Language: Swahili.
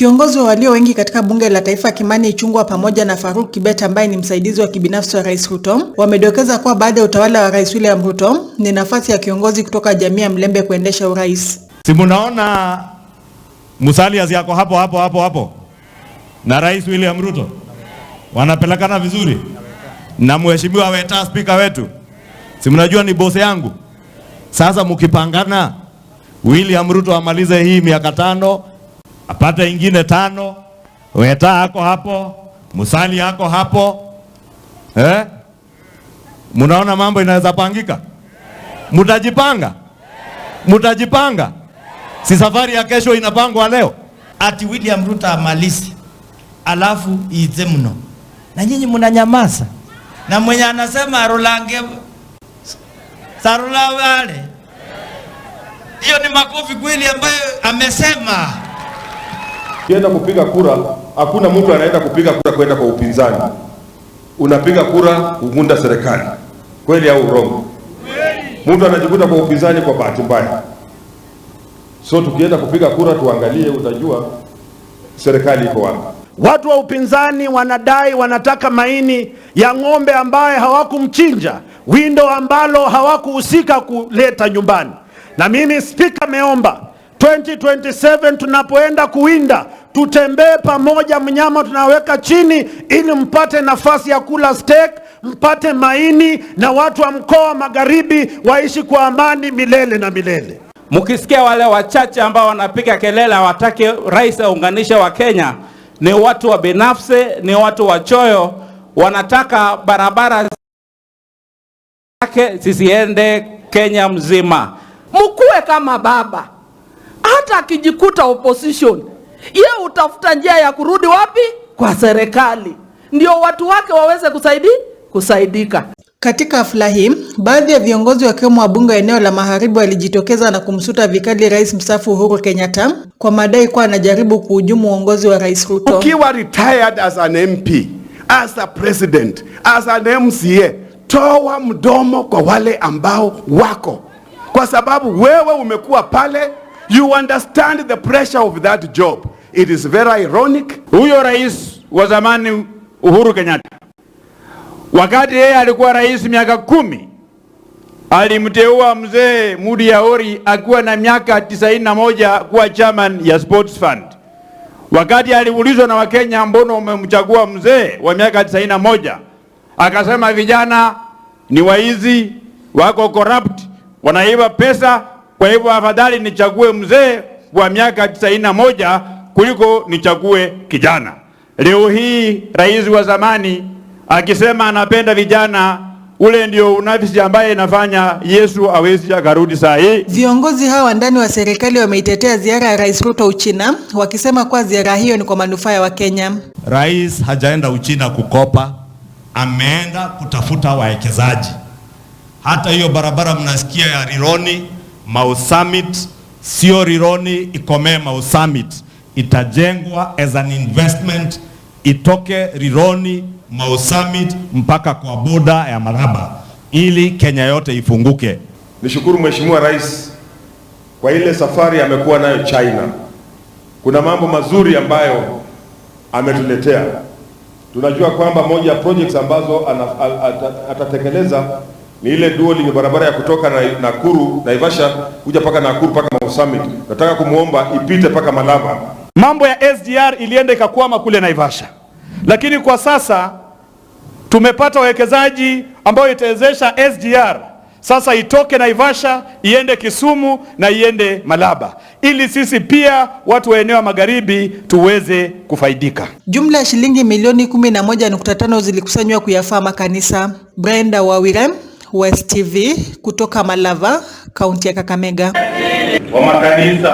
Kiongozi wa walio wengi katika bunge la taifa Kimani Ichung'wah pamoja na Faruk Kibet ambaye ni msaidizi wa kibinafsi wa Rais Ruto wamedokeza kuwa baada ya utawala wa Rais William Ruto ni nafasi ya kiongozi kutoka jamii ya Mlembe kuendesha urais. Si munaona Musalias yako hapo hapo hapo hapo na Rais William Ruto wanapelekana vizuri na mheshimiwa Weta, spika wetu, si mnajua ni bose yangu. Sasa mkipangana, William Ruto amalize hii miaka tano apate ingine tano, weta ako hapo, musali ako hapo eh? Munaona mambo inaweza pangika, mutajipanga, mutajipanga. Si safari ya kesho inapangwa leo, ati William Ruto amalisi alafu ize mno, na nyinyi mnanyamaza, na mwenye anasema arulange sarula wale, hiyo ni makofi kweli ambayo amesema ukienda kupiga kura, hakuna mtu anaenda kupiga kura kwenda kwa upinzani. Unapiga kura kugunda serikali, kweli au urongo? Mtu anajikuta kwa upinzani kwa bahati mbaya. So tukienda kupiga kura, tuangalie, utajua serikali iko wapi. Watu wa upinzani wanadai wanataka maini ya ng'ombe ambaye hawakumchinja, windo ambalo hawakuhusika kuleta nyumbani. Na mimi spika meomba 2027 tunapoenda kuwinda tutembee pamoja, mnyama tunaweka chini ili mpate nafasi ya kula steak, mpate maini, na watu wa mkoa wa magharibi waishi kwa amani milele na milele. Mkisikia wale wachache ambao wanapiga kelele hawataki rais aunganishe wa Kenya, ni watu wa binafsi, ni watu wa choyo wanataka barabara zake zisiende Kenya mzima. Mkuwe kama baba, hata akijikuta opposition yeye utafuta njia ya kurudi wapi? Kwa serikali, ndio watu wake waweze kusaidi, kusaidika. Katika hafla hii baadhi ya viongozi wakiwemo wabunge wa eneo la Magharibi walijitokeza na kumsuta vikali rais mstaafu Uhuru Kenyatta kwa madai kuwa anajaribu kuhujumu uongozi wa rais Ruto. Ukiwa retired as an MP, as a president, as an MCA, toa mdomo kwa wale ambao wako, kwa sababu wewe umekuwa pale, you understand the pressure of that job It is very ironic. Huyo rais wa zamani Uhuru Kenyatta wakati yeye alikuwa rais miaka kumi alimteua mzee Mudi Yaori akiwa na miaka tisaini na moja kuwa chairman ya Sports Fund. Wakati aliulizwa na Wakenya, mbona umemchagua mzee wa miaka tisaini na moja? Akasema vijana ni waizi, wako corrupt, wanaiba pesa, kwa hivyo afadhali nichague mzee wa miaka tisaini na moja kuliko nichague kijana. Leo hii rais wa zamani akisema anapenda vijana, ule ndio unafisi ambaye inafanya Yesu awezi akarudi saa hii. Viongozi hawa ndani wa serikali wameitetea ziara ya Rais Ruto Uchina, wakisema kuwa ziara hiyo ni kwa manufaa ya Wakenya. Rais hajaenda Uchina kukopa, ameenda kutafuta wawekezaji. Hata hiyo barabara mnasikia ya Rironi Mau Summit, sio Rironi ikomee Mau Summit itajengwa as an investment itoke Rironi Mau Summit mpaka kwa boda ya Maraba ili Kenya yote ifunguke. Nishukuru Mheshimiwa Rais kwa ile safari amekuwa nayo China. Kuna mambo mazuri ambayo ametuletea. Tunajua kwamba moja ya projects ambazo atatekeleza ni ile dual lenye barabara ya kutoka na Nakuru Naivasha kuja paka Nakuru paka Mau Summit. Nataka kumwomba ipite paka Malaba. Mambo ya SGR ilienda ikakwama kule Naivasha, lakini kwa sasa tumepata wawekezaji ambao itawezesha SGR sasa itoke Naivasha iende Kisumu na iende Malaba ili sisi pia watu wa eneo la magharibi tuweze kufaidika. Jumla ya shilingi milioni 11.5 zilikusanywa kuyafaa makanisa. Brenda Wawire, West TV, kutoka Malava, kaunti ya Kakamega. Kwa makanisa